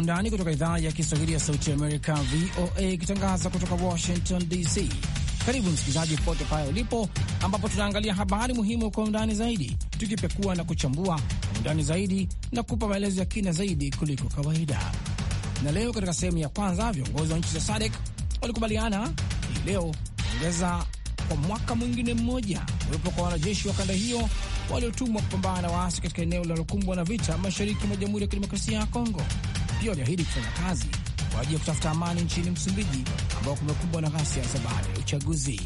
undani kutoka idhaa ya Kiswahili ya Sauti ya Amerika, VOA, ikitangaza kutoka Washington DC. Karibu msikilizaji, popote pale ulipo, ambapo tunaangalia habari muhimu kwa undani zaidi, tukipekua na kuchambua kwa undani zaidi na kupa maelezo ya kina zaidi kuliko kawaida. Na leo katika sehemu ya kwanza, viongozi wa nchi za SADC walikubaliana hii leo kuongeza kwa mwaka mwingine mmoja kuwepo kwa wanajeshi wa kanda hiyo waliotumwa kupambana na waasi katika eneo linalokumbwa na vita mashariki mwa Jamhuri ya Kidemokrasia ya Kongo pia waliahidi kufanya kazi kwa ajili ya kutafuta amani nchini Msumbiji ambao kumekumbwa na ghasia za baada ya uchaguzi.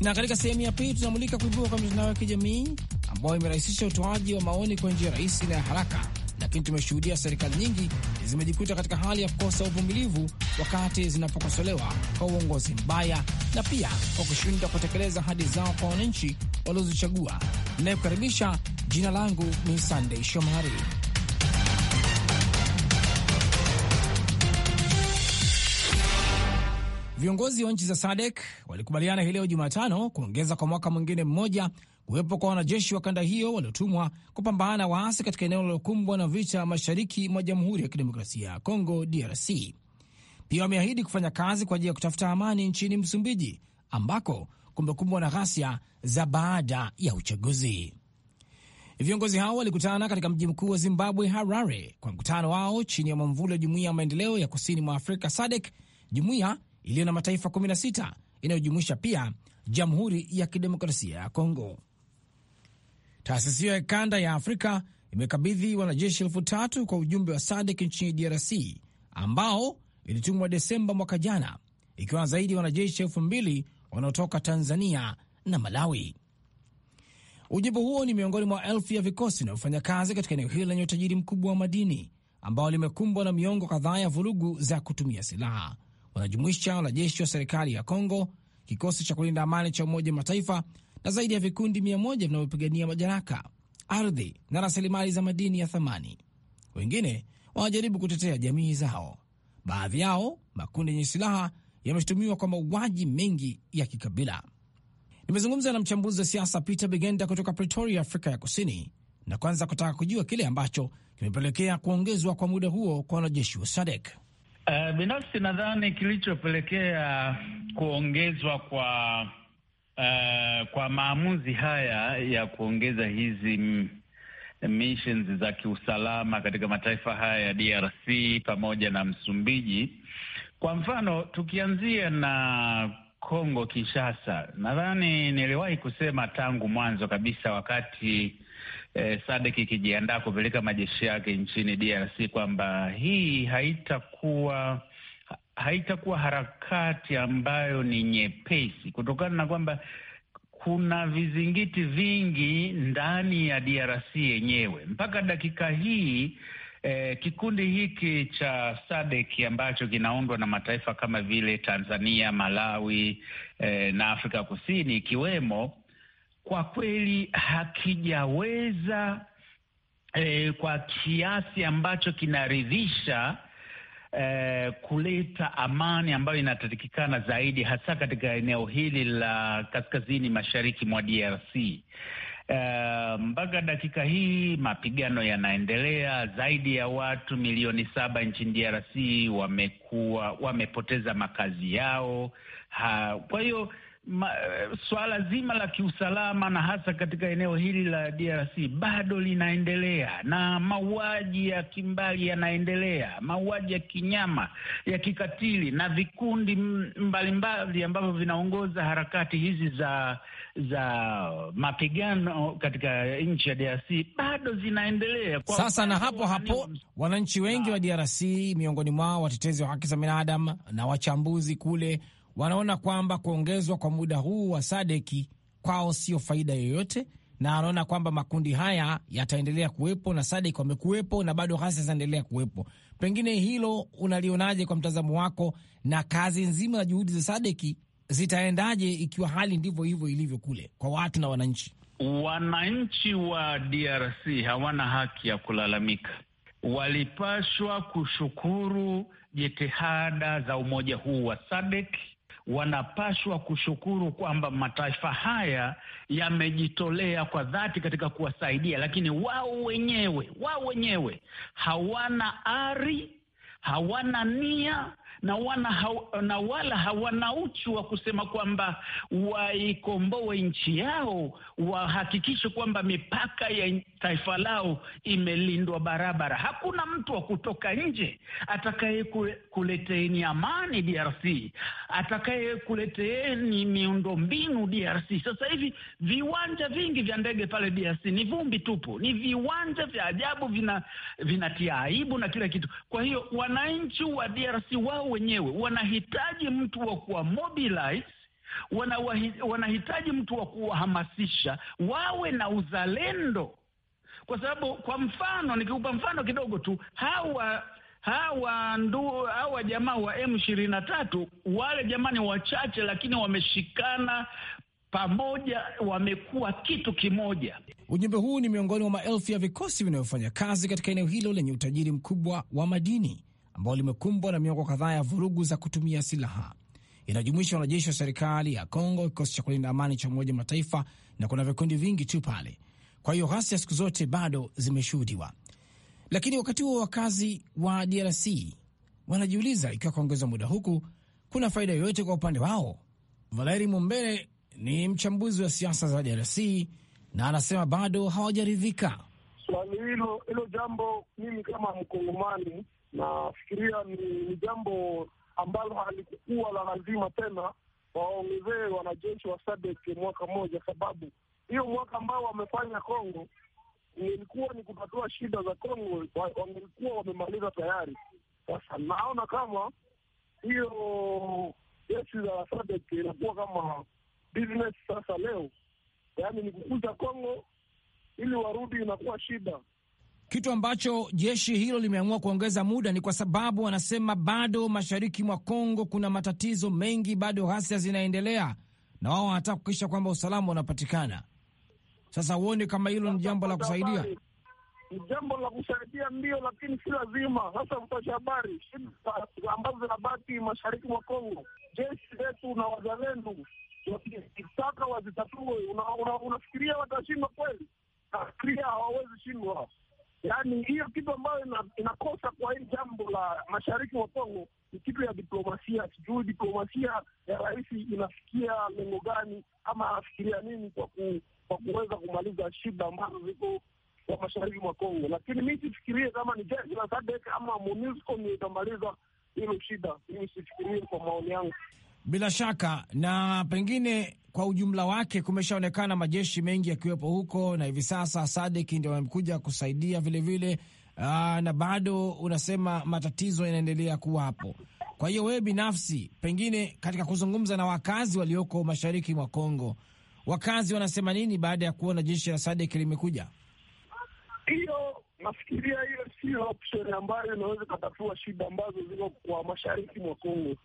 Na katika sehemu ya pili tunamulika kuibuka kwa mitandao ya kijamii ambayo imerahisisha utoaji wa maoni kwa njia rahisi na ya haraka, lakini tumeshuhudia serikali nyingi zimejikuta katika hali ya kukosa uvumilivu wakati zinapokosolewa kwa uongozi mbaya na pia kwa kushindwa kutekeleza ahadi zao kwa wananchi waliozichagua. Inayekukaribisha, jina langu ni Sandei Shomari. Viongozi wa nchi za SADEK walikubaliana hii leo Jumatano kuongeza kwa mwaka mwingine mmoja kuwepo kwa wanajeshi wa kanda hiyo waliotumwa kupambana na waasi katika eneo lilokumbwa na vita mashariki mwa Jamhuri ya Kidemokrasia ya Kongo, DRC. Pia wameahidi kufanya kazi kwa ajili ya kutafuta amani nchini Msumbiji ambako kumekumbwa na ghasia za baada ya uchaguzi. Viongozi hao walikutana katika mji mkuu wa Zimbabwe, Harare, kwa mkutano wao chini ya mwamvuli wa Jumuiya ya Maendeleo ya Kusini mwa Afrika, SADEK, jumuiya iliyo na mataifa 16 inayojumuisha pia Jamhuri ya Kidemokrasia ya Kongo. Taasisi hiyo ya kanda ya Afrika imekabidhi wanajeshi elfu tatu kwa ujumbe wa SADC nchini DRC ambao ilitumwa Desemba mwaka jana, ikiwa zaidi ya wanajeshi elfu mbili wanaotoka Tanzania na Malawi. Ujumbe huo ni miongoni mwa elfu ya vikosi inayofanya kazi katika eneo hilo lenye utajiri mkubwa wa madini ambao limekumbwa na miongo kadhaa ya vurugu za kutumia silaha wanajumuisha wanajeshi wa serikali ya Kongo, kikosi cha kulinda amani cha Umoja Mataifa na zaidi ya vikundi mia moja vinavyopigania madaraka, ardhi na rasilimali za madini ya thamani. Wengine wanajaribu kutetea jamii zao. Baadhi yao makundi yenye silaha yameshutumiwa kwa mauaji mengi ya kikabila. Nimezungumza na mchambuzi wa siasa Peter Bigenda kutoka Pretoria, Afrika ya Kusini, na kwanza kutaka kujua kile ambacho kimepelekea kuongezwa kwa muda huo kwa wanajeshi wa SADEK. Uh, binafsi nadhani kilichopelekea kuongezwa kwa uh, kwa maamuzi haya ya kuongeza hizi missions za kiusalama katika mataifa haya ya DRC pamoja na Msumbiji. Kwa mfano, tukianzia na Kongo Kinshasa, nadhani niliwahi kusema tangu mwanzo kabisa wakati eh, SADC ikijiandaa kupeleka majeshi yake nchini DRC kwamba hii haitakuwa haitakuwa harakati ambayo ni nyepesi kutokana na kwamba kuna vizingiti vingi ndani ya DRC yenyewe mpaka dakika hii. Eh, kikundi hiki cha SADC ambacho kinaundwa na mataifa kama vile Tanzania, Malawi eh, na Afrika Kusini ikiwemo kwa kweli hakijaweza eh, kwa kiasi ambacho kinaridhisha eh, kuleta amani ambayo inatakikana zaidi hasa katika eneo hili la kaskazini mashariki mwa DRC. Uh, eh, mpaka dakika hii mapigano yanaendelea. Zaidi ya watu milioni saba nchini DRC wamekuwa wamepoteza makazi yao ha, kwa hiyo ma, eh, swala zima la kiusalama na hasa katika eneo hili la DRC bado linaendelea, na mauaji ya kimbali yanaendelea, mauaji ya kinyama ya kikatili, na vikundi mbalimbali ambavyo vinaongoza harakati hizi za za mapigano katika nchi ya DRC bado zinaendelea kwa sasa. Na hapo hapo wananchi wengi wa DRC, miongoni mwao watetezi wa haki za binadamu na wachambuzi kule wanaona kwamba kuongezwa kwa muda huu wa sadeki kwao sio faida yoyote, na wanaona kwamba makundi haya yataendelea kuwepo na sadeki wamekuwepo na bado ghasia zinaendelea kuwepo. Pengine hilo unalionaje kwa mtazamo wako, na kazi nzima ya juhudi za sadeki zitaendaje ikiwa hali ndivyo hivyo ilivyo kule kwa watu na wananchi? Wananchi wa DRC hawana haki ya kulalamika, walipashwa kushukuru jitihada za umoja huu wa Sadeki wanapashwa kushukuru kwamba mataifa haya yamejitolea kwa dhati katika kuwasaidia, lakini wao wenyewe wao wenyewe hawana ari, hawana nia na, wana ha, na wala hawana uchu wa kusema kwamba waikomboe wa nchi yao, wahakikishe kwamba mipaka ya taifa lao imelindwa barabara. Hakuna mtu wa kutoka nje atakaye kuleteeni amani DRC, atakaye kuleteeni miundombinu DRC. Sasa hivi viwanja vingi vya ndege pale DRC ni vumbi tupu, ni viwanja vya ajabu, vinatia vina aibu na kila kitu. Kwa hiyo wananchi wa DRC wao wenyewe wanahitaji mtu wa kuwa mobilize wanahitaji mtu wa kuwahamasisha wawe na uzalendo, kwa sababu kwa mfano, nikikupa mfano kidogo tu, hawa hawa ndu hawa jamaa wa M23 wale jamani wachache, lakini wameshikana pamoja, wamekuwa kitu kimoja. Ujumbe huu ni miongoni mwa maelfu ya vikosi vinavyofanya kazi katika eneo hilo lenye utajiri mkubwa wa madini ambao limekumbwa na miongo kadhaa ya vurugu za kutumia silaha. Inajumuisha wanajeshi wa serikali ya Kongo, kikosi cha kulinda amani cha Umoja Mataifa, na kuna vikundi vingi tu pale. Kwa hiyo ghasia siku zote bado zimeshuhudiwa, lakini wakati huo wakazi wa DRC wanajiuliza ikiwa kuongeza muda huku kuna faida yoyote kwa upande wao. Valeri Mumbere ni mchambuzi wa siasa za DRC na anasema bado hawajaridhika swali hilo. Hilo jambo mimi kama mkongomani Nafikiria ni jambo ambalo halikukuwa la lazima tena waongezee wanajeshi wa SADC mwaka mmoja, sababu hiyo mwaka ambao wamefanya Kongo ilikuwa ni kutatua shida za Kongo, wangelikuwa wamemaliza tayari. Sasa naona kama hiyo jeshi za SADC inakuwa kama business sasa leo, yaani ni kukuza Kongo ili warudi, inakuwa shida kitu ambacho jeshi hilo limeamua kuongeza muda ni kwa sababu wanasema bado mashariki mwa Kongo kuna matatizo mengi, bado ghasia zinaendelea, na wao wanataka kuhakikisha kwamba usalama unapatikana. Sasa huoni kama hilo ni jambo la kusaidia? Ni jambo la kusaidia ndio, lakini si lazima. Sasa mpasha habari, shida ambazo zinabaki mashariki mwa Kongo, jeshi letu na wazalendo wakitaka wazitatue, unafikiria watashindwa kweli? Nafikiria hawawezi shindwa yani hiyo kitu ambayo ina, inakosa kwa hili jambo la mashariki wa Kongo ni kitu ya diplomasia. Sijui diplomasia ya rais inafikia lengo gani ama anafikiria nini kwa, ku, kwa kuweza kumaliza shida ambazo ziko kwa mashariki mwa Kongo, lakini mi sifikirie kama ni jeshi la SADC ama MONUSCO ndio itamaliza hilo shida. Mimi sifikirie, kwa maoni yangu. Bila shaka na pengine kwa ujumla wake kumeshaonekana majeshi mengi yakiwepo huko, na hivi sasa Sadek ndio amekuja kusaidia vilevile vile, ah, na bado unasema matatizo yanaendelea kuwapo. Kwa hiyo wewe binafsi, pengine katika kuzungumza na wakazi walioko mashariki mwa Kongo, wakazi wanasema nini baada ya kuona jeshi la Sadek limekuja? Hiyo nafikiria hiyo sio option ambayo inaweza ikatatua shida ambazo ziko kwa mashariki mwa Kongo.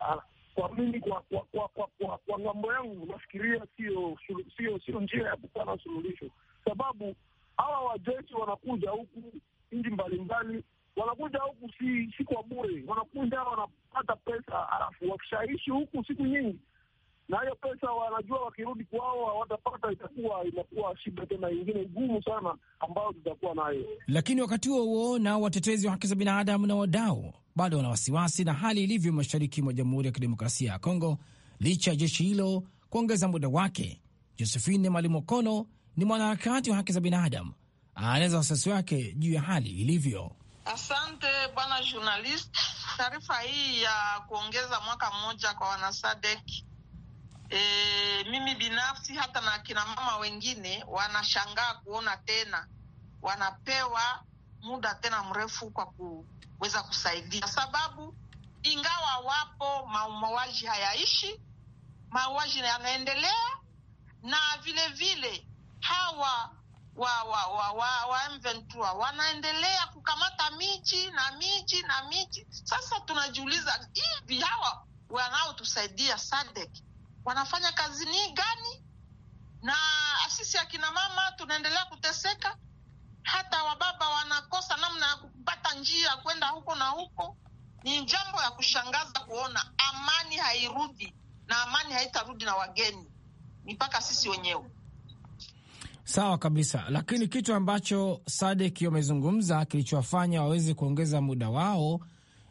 Ah, kwa mimi kwa kwa kwa kwa ng'ambo yangu nafikiria sio sio sio njia ya kupata suluhisho, sababu hawa wajeshi wanakuja huku nchi mbalimbali, wanakuja huku si si kwa bure, wanakuja wanapata pesa, alafu wakishaishi huku siku nyingi na hiyo pesa wanajua wakirudi kwao hawatapata, itakuwa inakuwa shida tena ingine ngumu sana ambayo tutakuwa nayo. Lakini wakati huo huo, nao watetezi wa haki za binadamu na wadau bado wana wasiwasi na hali ilivyo mashariki mwa Jamhuri ya Kidemokrasia ya Kongo licha ya jeshi hilo kuongeza muda wake. Josephine malimokono ni mwanaharakati wa haki za binadamu, anaeleza wasiwasi wake juu ya hali ilivyo. Asante bwana journalist, taarifa hii ya kuongeza mwaka mmoja kwa wanasadek E, mimi binafsi hata na akina mama wengine wanashangaa kuona tena wanapewa muda tena mrefu kwa kuweza kusaidia, kwa sababu ingawa wapo mauaji hayaishi, mauaji yanaendelea, na vile vile hawa wa wa wa wa wa M23 wanaendelea kukamata miji na miji na miji. Sasa tunajiuliza hivi, hawa wanaotusaidia SADC wanafanya kazi ni gani, na sisi akina mama tunaendelea kuteseka. Hata wababa wanakosa namna ya kupata njia kwenda huko na huko. Ni jambo ya kushangaza kuona amani hairudi, na amani haitarudi na wageni, ni mpaka sisi wenyewe. Sawa kabisa, lakini kitu ambacho Sadek wamezungumza kilichowafanya waweze kuongeza muda wao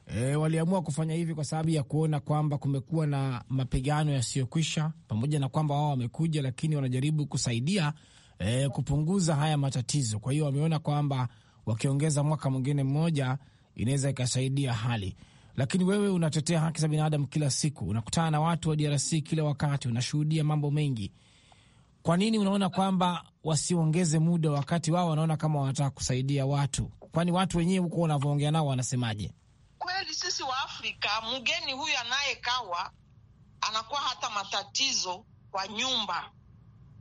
E, waliamua kufanya hivi kwa sababu ya kuona kwamba kumekuwa na mapigano yasiyokwisha, pamoja na kwamba wao wamekuja, lakini wanajaribu kusaidia e, kupunguza haya matatizo. Kwa hiyo wameona kwamba wakiongeza mwaka mwingine mmoja inaweza ikasaidia hali. Lakini wewe unatetea haki za binadamu kila siku, unakutana na watu wa DRC kila wakati, unashuhudia mambo mengi. Kwa nini unaona kwamba wasiongeze muda wakati wao wanaona kama wanataka kusaidia watu? Kwani watu wenyewe huko wanavyoongea nao wanasemaje? kweli sisi wa Afrika, mgeni huyu anayekawa anakuwa hata matatizo kwa nyumba.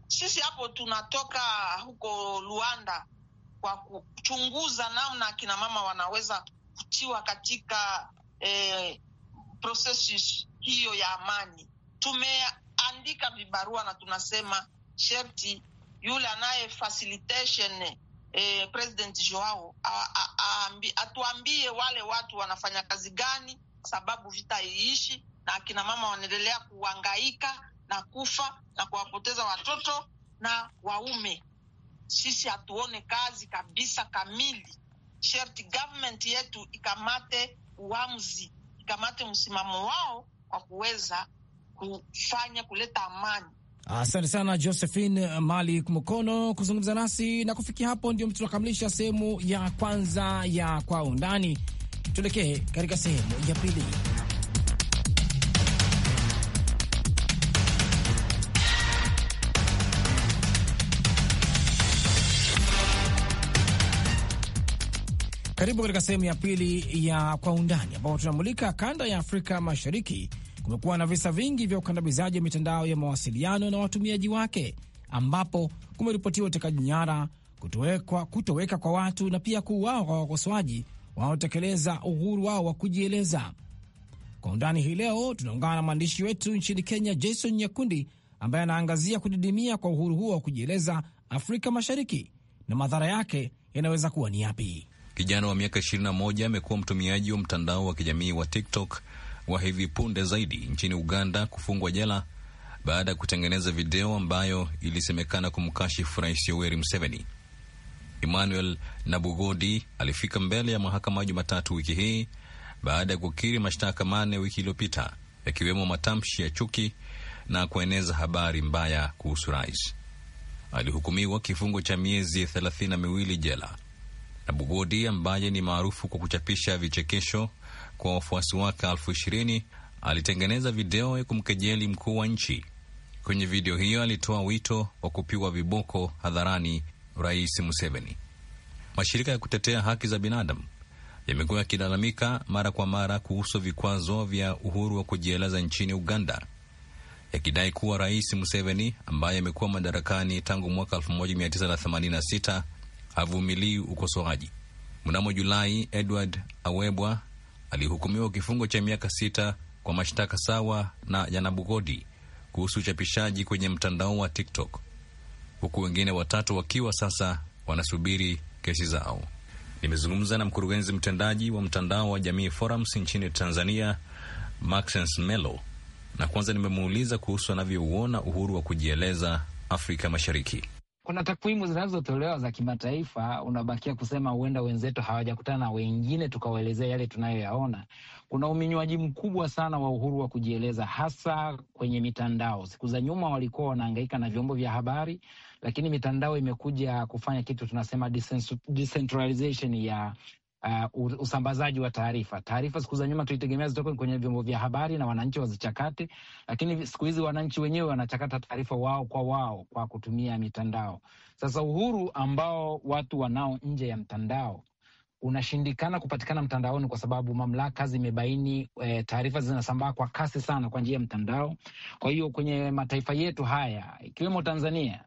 Sisi hapo tunatoka huko Luanda kwa kuchunguza namna akina mama wanaweza kutiwa katika eh, processes hiyo ya amani. Tumeandika vibarua na tunasema sherti yule anaye facilitation eh, President Joao atuambie wale watu wanafanya kazi gani, sababu vita iishi na akina mama wanaendelea kuangaika na kufa na kuwapoteza watoto na waume. Sisi hatuone kazi kabisa kamili. Sherti government yetu ikamate uamuzi, ikamate msimamo wao kwa kuweza kufanya kuleta amani. Asante sana Josephine Malik Mukono kuzungumza nasi, na kufikia hapo ndio tunakamilisha sehemu ya kwanza ya Kwa Undani. Tuelekee katika sehemu ya pili. Karibu katika sehemu ya pili ya Kwa Undani, ambapo tunamulika kanda ya Afrika Mashariki kumekuwa na visa vingi vya ukandamizaji wa mitandao ya mawasiliano na watumiaji wake, ambapo kumeripotiwa utekaji nyara, kutoweka, kutoweka kwa watu na pia kuuawa kwa wakosoaji wanaotekeleza uhuru wao wa kujieleza. Kwa undani hii leo tunaungana na mwandishi wetu nchini Kenya, Jason Nyakundi, ambaye anaangazia kudidimia kwa uhuru huo wa kujieleza Afrika Mashariki na madhara yake yanaweza kuwa ni yapi. Kijana wa miaka 21 amekuwa mtumiaji wa mtandao wa kijamii wa TikTok wa hivi punde zaidi nchini Uganda kufungwa jela baada ya kutengeneza video ambayo ilisemekana kumkashifu Rais Yoweri Museveni. Emmanuel Nabugodi alifika mbele ya mahakama Jumatatu wiki hii baada ya kukiri mashtaka manne wiki iliyopita yakiwemo matamshi ya chuki na kueneza habari mbaya kuhusu rais. Alihukumiwa kifungo cha miezi thelathini na miwili jela. Nabugodi ambaye ni maarufu kwa kuchapisha vichekesho kwa wafuasi wake elfu ishirini alitengeneza video ya kumkejeli mkuu wa nchi. Kwenye video hiyo alitoa wito wa kupigwa viboko hadharani Rais Museveni. Mashirika ya kutetea haki za binadamu yamekuwa yakilalamika mara kwa mara kuhusu vikwazo vya uhuru wa kujieleza nchini Uganda, yakidai kuwa Rais Museveni ambaye amekuwa madarakani tangu mwaka 1986 havumilii ukosoaji. Mnamo Julai, Edward Awebwa alihukumiwa kifungo cha miaka sita kwa mashtaka sawa na Yanabugodi kuhusu uchapishaji kwenye mtandao wa TikTok, huku wengine watatu wakiwa sasa wanasubiri kesi zao. Nimezungumza na mkurugenzi mtendaji wa mtandao wa Jamii Forums nchini Tanzania, Maxence Melo, na kwanza nimemuuliza kuhusu anavyouona uhuru wa kujieleza Afrika Mashariki kuna takwimu zinazotolewa za kimataifa, unabakia kusema huenda wenzetu hawajakutana na wengine tukawaelezea yale tunayoyaona. Kuna uminywaji mkubwa sana wa uhuru wa kujieleza, hasa kwenye mitandao. Siku za nyuma walikuwa wanahangaika na vyombo vya habari, lakini mitandao imekuja kufanya kitu tunasema decentralization ya uh, usambazaji wa taarifa. Taarifa siku za nyuma tulitegemea zitoke kwenye vyombo vya habari na wananchi wazichakate, lakini siku hizi wananchi wenyewe wanachakata taarifa wao kwa wao kwa kutumia mitandao. Sasa uhuru ambao watu wanao nje ya mtandao unashindikana kupatikana mtandaoni kwa sababu mamlaka zimebaini e, taarifa zinasambaa kwa kasi sana kwa njia ya mtandao. Kwa hiyo kwenye mataifa yetu haya ikiwemo Tanzania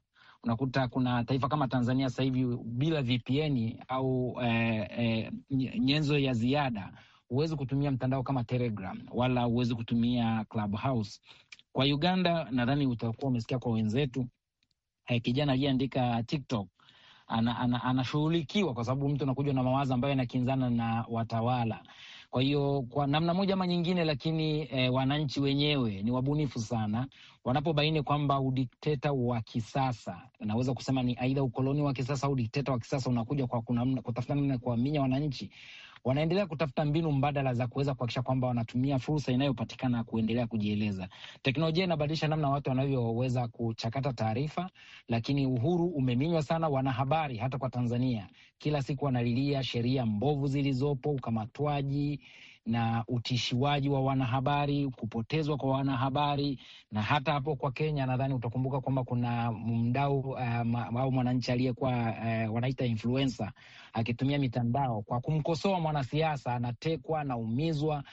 unakuta kuna taifa kama Tanzania sasa hivi bila VPN au eh, eh, nyenzo ya ziada huwezi kutumia mtandao kama Telegram wala huwezi kutumia Clubhouse. Kwa Uganda nadhani utakuwa umesikia kwa wenzetu eh, kijana aliyeandika TikTok anashughulikiwa ana, ana, kwa sababu mtu anakuja na mawazo ambayo yanakinzana na watawala kwa hiyo kwa namna moja ama nyingine, lakini eh, wananchi wenyewe ni wabunifu sana wanapobaini kwamba udikteta wa kisasa, naweza kusema ni aidha ukoloni wa kisasa au udikteta wa kisasa unakuja kwa kutafuta namna kuaminya wananchi wanaendelea kutafuta mbinu mbadala za kuweza kuhakikisha kwamba wanatumia fursa inayopatikana kuendelea kujieleza. Teknolojia inabadilisha namna watu wanavyoweza kuchakata taarifa, lakini uhuru umeminywa sana. Wanahabari hata kwa Tanzania kila siku wanalilia sheria mbovu zilizopo, ukamatwaji na utishiwaji wa wanahabari, kupotezwa kwa wanahabari, na hata hapo kwa Kenya nadhani utakumbuka kwamba kuna mdau uh, au mwananchi aliyekuwa uh, wanaita influencer akitumia mitandao kwa kumkosoa mwanasiasa, anatekwa, anaumizwa.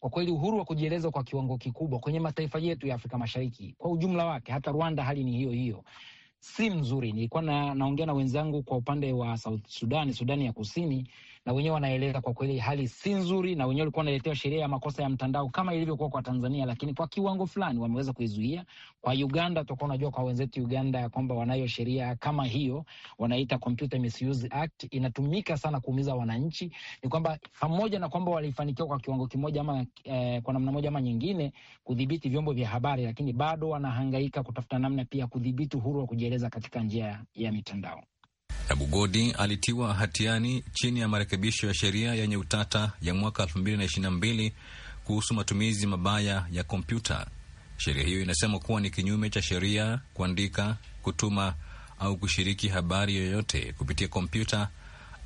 Kwa kweli uhuru wa kujieleza kwa kiwango kikubwa kwenye mataifa yetu ya Afrika Mashariki kwa ujumla wake, hata Rwanda hali ni hiyo hiyo, si mzuri. Nilikuwa naongea na wenzangu kwa upande wa South Sudan, Sudani ya Kusini na wenyewe wanaeleza kwa kweli hali si nzuri, na wenyewe walikuwa wanaletewa sheria ya makosa ya mtandao kama ilivyokuwa kwa Tanzania, lakini kwa kiwango fulani wameweza kuizuia. Kwa Uganda tutakuwa unajua kwa wenzetu Uganda ya kwamba wanayo sheria kama hiyo, wanaita Computer Misuse Act, inatumika sana kuumiza wananchi. Ni kwamba pamoja na kwamba walifanikiwa kwa kiwango kimoja ama eh, kwa namna moja ama nyingine kudhibiti vyombo vya habari, lakini bado wanahangaika kutafuta namna pia kudhibiti uhuru wa kujieleza katika njia ya mitandao. Abu Godi alitiwa hatiani chini ya marekebisho ya sheria yenye utata ya mwaka 2022 kuhusu matumizi mabaya ya kompyuta. Sheria hiyo inasema kuwa ni kinyume cha sheria kuandika, kutuma au kushiriki habari yoyote kupitia kompyuta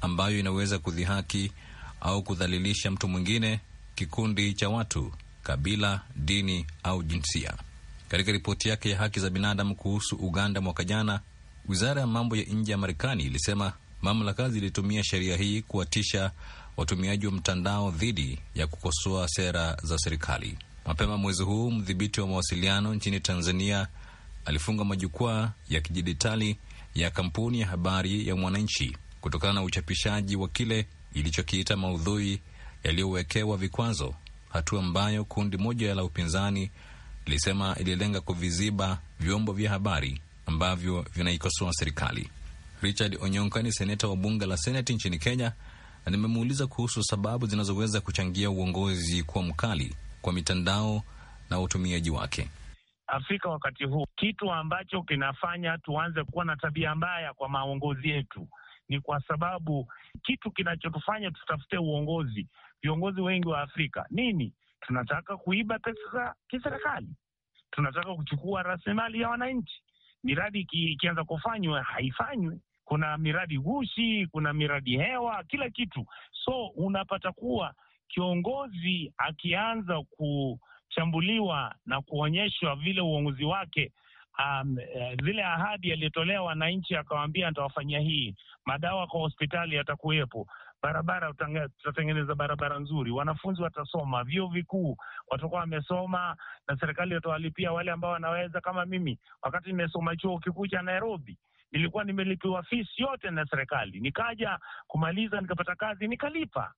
ambayo inaweza kudhihaki au kudhalilisha mtu mwingine, kikundi cha watu, kabila, dini au jinsia. Katika ripoti yake ya haki za binadamu kuhusu Uganda mwaka jana Wizara ya mambo ya nje ya Marekani ilisema mamlaka zilitumia sheria hii kuwatisha watumiaji wa mtandao dhidi ya kukosoa sera za serikali. Mapema mwezi huu, mdhibiti wa mawasiliano nchini Tanzania alifunga majukwaa ya kidijitali ya kampuni ya habari ya Mwananchi kutokana na uchapishaji wa kile ilichokiita maudhui yaliyowekewa vikwazo, hatua ambayo kundi moja la upinzani lilisema ililenga kuviziba vyombo vya habari ambavyo vinaikosoa serikali. Richard Onyonka ni seneta wa bunge la Seneti nchini Kenya, nimemuuliza kuhusu sababu zinazoweza kuchangia uongozi kuwa mkali kwa mitandao na utumiaji wake. Afrika wakati huu, kitu ambacho kinafanya tuanze kuwa na tabia mbaya kwa maongozi yetu ni kwa sababu kitu kinachotufanya tutafute uongozi, viongozi wengi wa Afrika nini, tunataka kuiba pesa za kiserikali, tunataka kuchukua rasilimali ya wananchi, miradi ikianza kufanywa haifanywi. Kuna miradi gushi kuna miradi hewa, kila kitu. So unapata kuwa kiongozi akianza kuchambuliwa na kuonyeshwa vile uongozi wake Um, eh, zile ahadi aliyotolea wananchi, akawaambia ntawafanyia hii, madawa kwa hospitali yatakuwepo, barabara tutatengeneza barabara nzuri, wanafunzi watasoma, vyuo vikuu watakuwa wamesoma, na serikali watawalipia wale ambao wanaweza. Kama mimi, wakati nimesoma chuo kikuu cha Nairobi, nilikuwa nimelipiwa fees yote na serikali, nikaja kumaliza, nikapata kazi, nikalipa.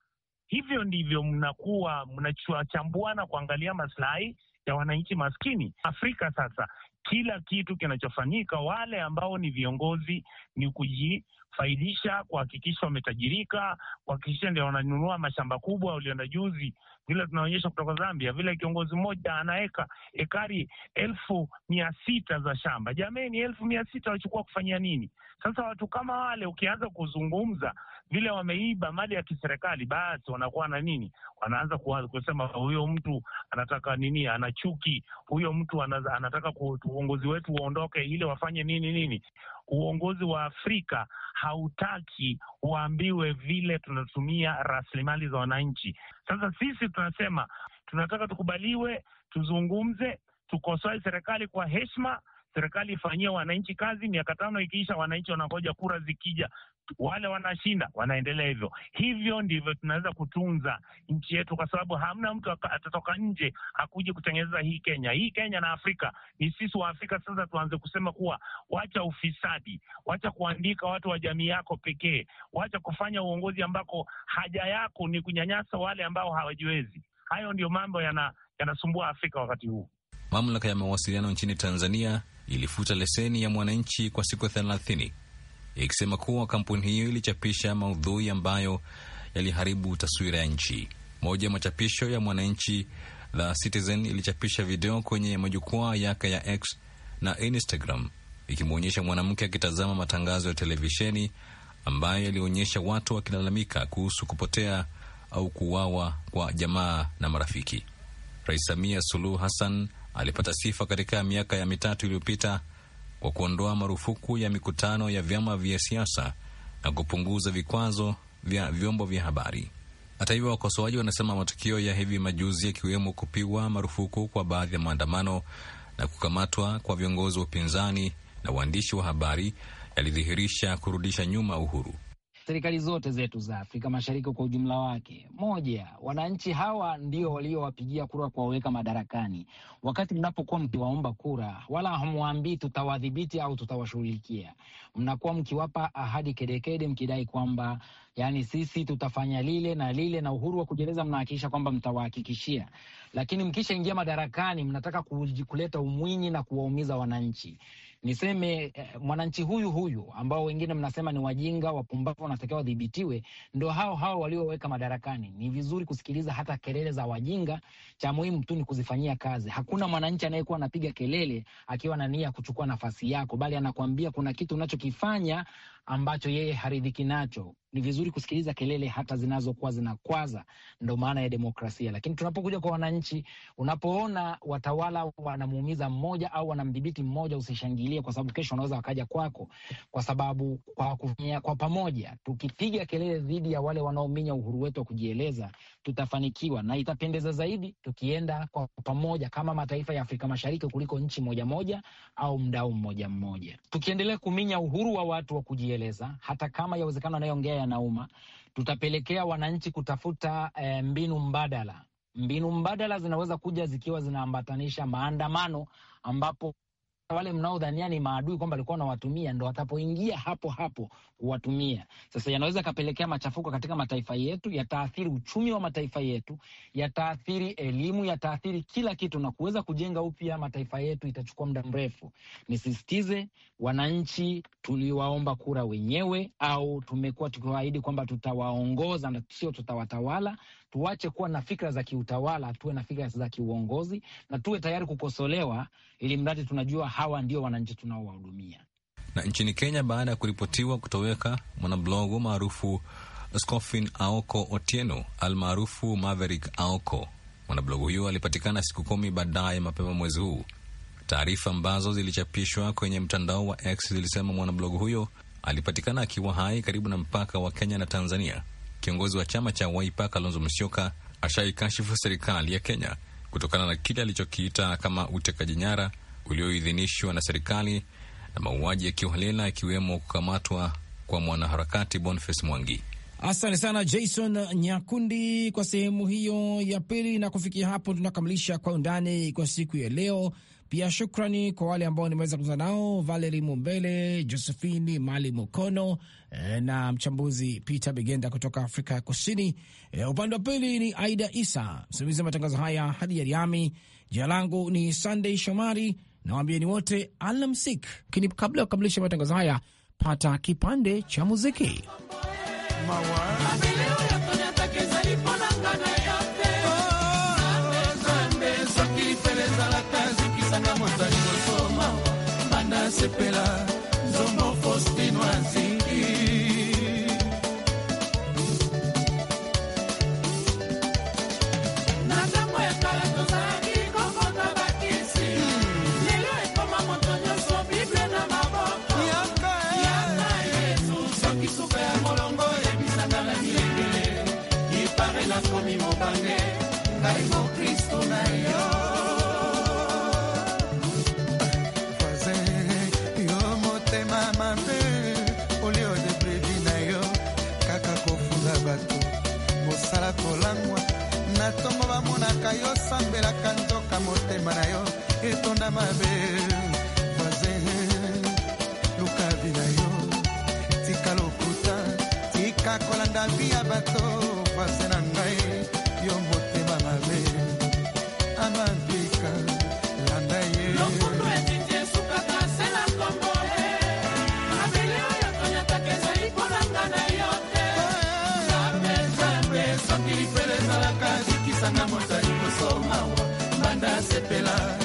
Hivyo ndivyo mnakuwa mnachambuana kuangalia maslahi ya wananchi maskini Afrika. Sasa kila kitu kinachofanyika, wale ambao ni viongozi ni kuji kufaidisha, kuhakikisha wametajirika, kuhakikisha ndio wananunua mashamba kubwa. Uliona juzi vile tunaonyesha kutoka Zambia, vile kiongozi mmoja anaweka ekari elfu mia sita za shamba. Jamani, elfu mia sita wachukua kufanyia nini? Sasa watu kama wale ukianza kuzungumza vile wameiba mali ya kiserikali, basi wanakuwa na nini, wanaanza kusema huyo mtu anataka nini, ana chuki, huyo mtu anataka uongozi wetu uondoke, ile wafanye nini nini. Uongozi wa Afrika hautaki uambiwe vile tunatumia rasilimali za wananchi. Sasa sisi tunasema tunataka tukubaliwe, tuzungumze, tukosoe serikali kwa heshima. Serikali ifanyie wananchi kazi. Miaka tano ikiisha, wananchi wanangoja kura zikija, wale wanashinda wanaendelea hivyo. Hivyo ndivyo tunaweza kutunza nchi yetu, kwa sababu hamna mtu atatoka nje akuje kutengeneza hii Kenya. Hii Kenya na Afrika ni sisi wa Afrika. Sasa tuanze kusema kuwa wacha ufisadi, wacha kuandika watu wa jamii yako pekee, wacha kufanya uongozi ambako haja yako ni kunyanyasa wale ambao hawajiwezi. Hayo ndiyo mambo yanasumbua yana Afrika wakati huu. Mamlaka ya mawasiliano nchini Tanzania ilifuta leseni ya Mwananchi kwa siku thelathini ikisema kuwa kampuni hiyo ilichapisha maudhui ambayo yaliharibu taswira ya nchi. Moja ya machapisho ya Mwananchi, The Citizen ilichapisha video kwenye majukwaa yake ya X na Instagram ikimwonyesha mwanamke akitazama matangazo ya televisheni ambayo yalionyesha watu wakilalamika kuhusu kupotea au kuuawa kwa jamaa na marafiki. Rais Samia Suluhu Hassan alipata sifa katika miaka ya mitatu iliyopita kwa kuondoa marufuku ya mikutano ya vyama vya siasa na kupunguza vikwazo vya vyombo vya habari. Hata hivyo, wakosoaji wanasema matukio ya hivi majuzi yakiwemo kupigwa marufuku kwa baadhi ya maandamano na kukamatwa kwa viongozi wa upinzani na waandishi wa habari yalidhihirisha kurudisha nyuma uhuru serikali zote zetu za Afrika Mashariki kwa ujumla wake. Moja, wananchi hawa ndio waliowapigia kura kuwaweka madarakani. Wakati mnapokuwa mkiwaomba kura, wala hamwambii tutawadhibiti au tutawashughulikia. Mnakuwa mkiwapa ahadi kedekede, mkidai kwamba yani sisi tutafanya lile na lile, na uhuru wa kujieleza mnahakikisha kwamba mtawahakikishia, lakini mkishaingia madarakani mnataka kuleta umwinyi na kuwaumiza wananchi. Niseme eh, mwananchi huyu huyu ambao wengine mnasema ni wajinga, wapumbavu, wanatakiwa wadhibitiwe, ndo hao hao walioweka madarakani. Ni vizuri kusikiliza hata kelele za wajinga, cha muhimu tu ni kuzifanyia kazi. Hakuna mwananchi anayekuwa anapiga kelele akiwa na nia ya kuchukua nafasi yako, bali anakuambia kuna kitu unachokifanya ambacho yeye haridhiki nacho, ni vizuri kusikiliza kelele hata zinazokuwa zinakwaza. Ndo maana ya demokrasia. Lakini tunapokuja kwa wananchi, unapoona watawala wanamuumiza mmoja au wanamdhibiti mmoja, usishangilie, kwa sababu kesho wanaweza wakaja kwako, kwa sababu kwa kufanya kwa pamoja, tukipiga kelele dhidi ya wale wanaominya uhuru wetu wa kujieleza, tutafanikiwa na itapendeza zaidi tukienda kwa pamoja kama mataifa ya Afrika Mashariki kuliko nchi moja moja au mdau mmoja mmoja, tukiendelea kuminya uhuru wa watu wa kujieleza kuyatekeleza, hata kama yawezekano anayoongea yanauma, tutapelekea wananchi kutafuta e, mbinu mbadala. Mbinu mbadala zinaweza kuja zikiwa zinaambatanisha maandamano, ambapo wale mnaodhania ni maadui kwamba alikuwa anawatumia ndo watapoingia hapo hapo watumia. Sasa yanaweza yakapelekea machafuko katika mataifa yetu, yataathiri uchumi wa mataifa yetu, yataathiri elimu, yataathiri kila kitu, na kuweza kujenga upya mataifa yetu itachukua muda mrefu. Nisisitize, wananchi tuliwaomba kura wenyewe, au tumekuwa tukiwaahidi kwamba tutawaongoza na sio tutawatawala. Tuache kuwa na fikra za kiutawala, tuwe na fikra za kiuongozi na tuwe tayari kukosolewa, ili mradi tunajua hawa ndio wananchi tunaowahudumia na nchini Kenya baada ya kuripotiwa kutoweka mwanablogu maarufu Scoffin Aoko Otieno almaarufu Maverick Aoko. Mwanablogu huyo alipatikana siku kumi baadaye mapema mwezi huu. Taarifa ambazo zilichapishwa kwenye mtandao wa X zilisema mwanablogu huyo alipatikana akiwa hai karibu na mpaka wa Kenya na Tanzania. Kiongozi wa chama cha Waipa Kalonzo Musyoka ashaikashifu serikali ya Kenya kutokana na kile alichokiita kama utekaji nyara ulioidhinishwa na serikali na mauaji ya kiholela ikiwemo kukamatwa kwa mwanaharakati Boniface Mwangi. Asante sana Jason Nyakundi kwa sehemu hiyo ya pili, na kufikia hapo tunakamilisha kwa undani kwa siku ya leo. Pia shukrani kwa wale ambao nimeweza kuzungumza nao, Valeri Mumbele, Josephini Mali Mukono eh, na mchambuzi Peter Bigenda kutoka Afrika ya Kusini. Eh, upande wa pili ni Aida Isa, msimamizi wa matangazo haya hadi Yariami. Jina langu ni Sandey Shomari. Nawaambieni wote alamsik, lakini kabla ya kukamilisha matangazo haya, pata kipande cha muziki Mawai. basambelaka nzoka motema na yo etonda mabe voisin lukabi na yo tika lokuta tika kolanda vi bato voisin na ngai yo motema mabe amabika landa ye I'm Love.